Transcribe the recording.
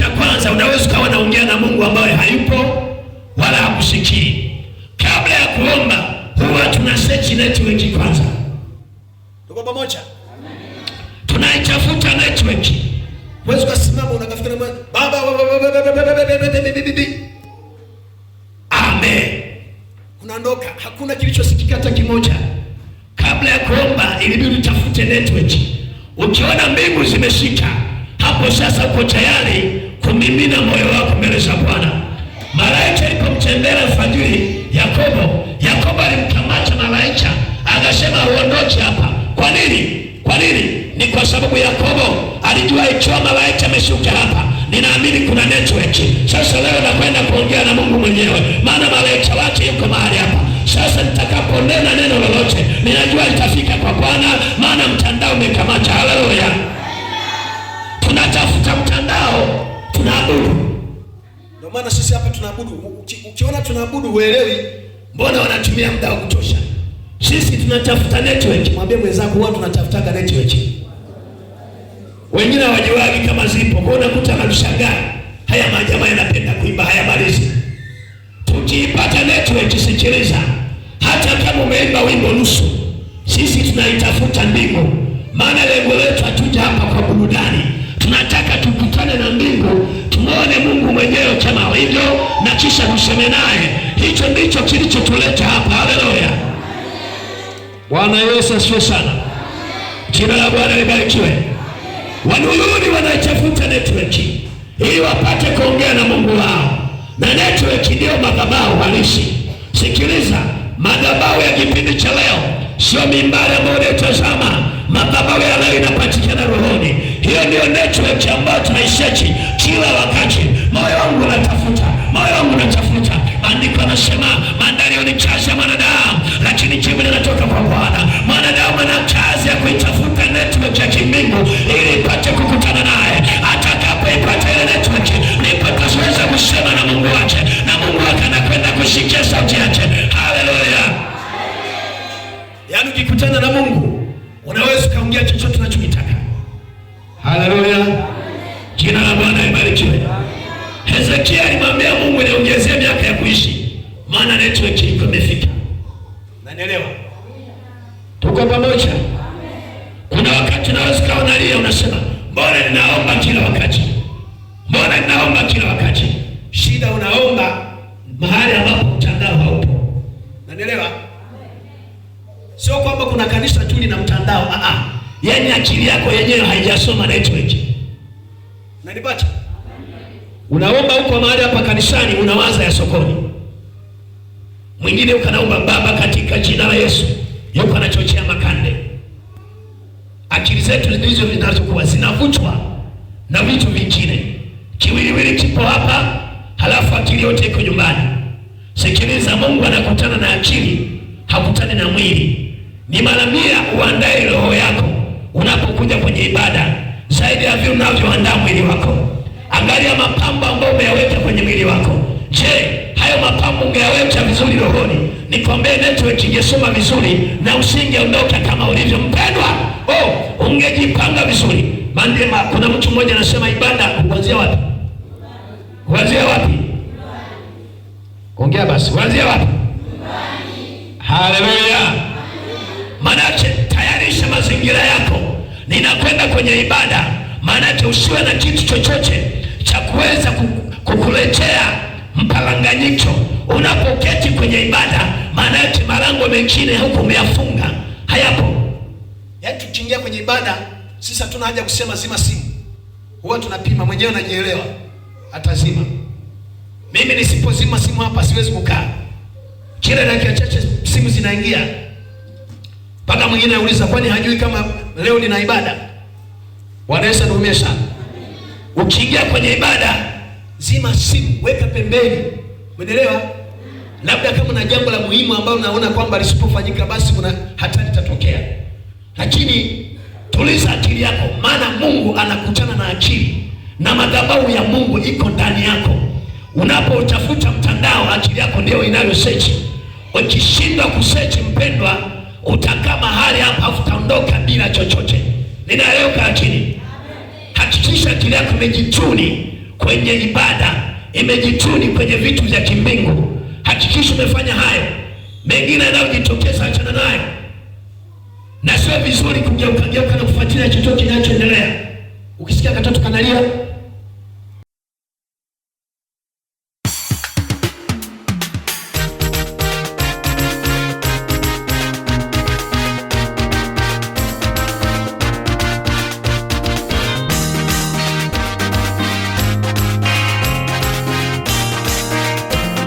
cha kwanza, unaweza ukawa unaongea na Mungu ambaye hayupo wala hakusikii. Kabla ya kuomba, huwa tuna search network kwanza. Tuko pamoja? Tunaitafuta network. Huwezi kusimama unakafikiri baba Amen. Unaondoka, hakuna kilichosikika hata kimoja. Kabla ya kuomba, ilibidi utafute network. Ukiona mbingu zimeshika, hapo sasa uko tayari kumimina moyo wako mbele za Bwana. Malaika alipomtembelea alfajiri Yakobo, Yakobo alimkamata malaika akasema, uondoke hapa. Kwa nini? Kwa nini? Ni kwa sababu Yakobo alijua ikiwa malaika ameshuka hapa, ninaamini kuna network. Sasa leo nakwenda kuongea na Mungu mwenyewe, maana malaika wake yuko mahali hapa. Sasa nitakaponena neno lolote, ninajua litafika kwa Bwana, maana mtandao umekamata. Haleluya! Mungu. Ndio maana sisi hapa tunaabudu. Ukiona tunaabudu uelewi, mbona wanatumia muda wa kutosha? Sisi tunatafuta network. Mwambie mwenzako, huwa tunatafutaga network, wengine hawajiwagi kama zipo. Kwa unakuta anashangaa, haya majamaa yanapenda kuimba haya malizi. Tukiipata network, sikiliza, hata kama umeimba wimbo nusu, sisi tunaitafuta mbingu, maana lengo letu hatuja hapa kwa burudani, tunataka tukutane na mbingu hivyo na kisha tuseme naye. Hicho ndicho kilichotuleta hapa. Haleluya! Bwana Yesu asifiwe sana. Jina la Bwana libarikiwe. Wanuyuni wanaitafuta network ili wapate kuongea na Mungu wao, na network ndiyo madhabahu halisi. Sikiliza, madhabahu ya kipindi cha leo sio mimbari ambayo unayotazama. Madhabahu ya leo inapatikana rohoni. Hiyo ndiyo netweki ambayo tunaisechi kila wakati moyo wangu unatafuta, moyo wangu unatafuta. Maandiko anasema mandario ni chazi ya mwanadamu, lakini jibu linatoka kwa Bwana. Mwanadamu ana chazi ya kuitafuta network ya kimbingu ili ipate kukutana naye. Atakapoipata ile network, ndipo ataweza kusema na Mungu wake, na Mungu wake anakwenda kusikia sauti yake. Haleluya! Yaani ukikutana na Mungu unaweza ukaongea chochote unachokitaka. Haleluya! Jina la Bwana ibarikiwe. Hezekia alimwambia Mungu niongezee miaka ya kuishi, maana network iko imefika. Unanielewa? Tuko pamoja. Kuna wakati naweza unalia, unasema mbona ninaomba kila wakati, mbona ninaomba kila wakati. Shida unaomba mahali ambapo mtandao haupo. Unanielewa? Sio kwamba kuna kanisa tu lina mtandao, ah, ah. yaani akili yako yenyewe haijasoma network. Unanipata? Unaomba huko mahali hapa kanisani, unawaza ya sokoni. Mwingine ukanaomba Baba, katika jina la Yesu, yuko anachochea makande. Akili zetu ndizo zinazokuwa zinavutwa na vitu vingine, kiwiliwili kipo hapa, halafu akili yote iko nyumbani. Sikiliza, Mungu anakutana na akili, hakutani na mwili. Ni mara mia uandae roho yako unapokuja kwenye ibada, zaidi ya vile unavyoandaa mwili wako. Angalia mapambo ambayo umeyaweka kwenye mwili wako. Je, hayo mapambo ungeyaweka vizuri rohoni? Nikwambie network ingesoma vizuri na usingeondoka kama ulivyo mpendwa. Oh, ungejipanga vizuri. Mandema, kuna mtu mmoja anasema ibada kuanzia wapi? Kuanzia wapi? Ongea basi, kuanzia wapi? Haleluya. Manake tayarisha mazingira yako. Ninakwenda kwenye ibada. Manake usiwe na kitu chochote cha kuweza kukuletea mpalanganyiko unapoketi kwenye ibada. Maana yake malango mengine huku umeyafunga, hayapo. Yaani tukiingia kwenye ibada sisi hatuna haja kusema zima simu, huwa tunapima mwenyewe, anajielewa atazima. Mimi nisipozima simu hapa siwezi kukaa, kila dakika chache simu zinaingia mpaka mwingine anauliza, kwani hajui kama leo nina ibada? Wanaweza kuumia sana Ukiingia kwenye ibada, zima simu, weka pembeni, umeelewa? Labda kama na jambo la muhimu ambalo unaona kwamba lisipofanyika basi kuna hatari itatokea, lakini tuliza akili yako, maana Mungu anakutana na akili na madhabahu ya Mungu iko ndani yako. Unapotafuta mtandao, akili yako ndio inayosechi. Ukishindwa kusechi, mpendwa, utakaa mahali hapa, utaondoka bila chochote. Ninaeleweka akili hakikisha akili yako imejituni kwenye ibada, imejituni kwenye vitu vya kimbingu. Hakikisha umefanya hayo, mengine yanayojitokeza achana nayo, na sio vizuri kugeukageuka na kufuatilia chochote kinachoendelea. Ukisikia katoto kanalia